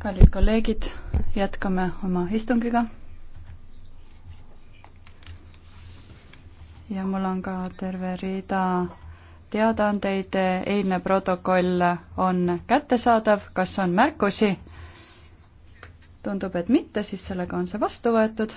kallid kolleegid, jätkame oma istungiga. ja mul on ka terve rida teadaandeid, eilne protokoll on kättesaadav, kas on märkusi? tundub, et mitte, siis sellega on see vastu võetud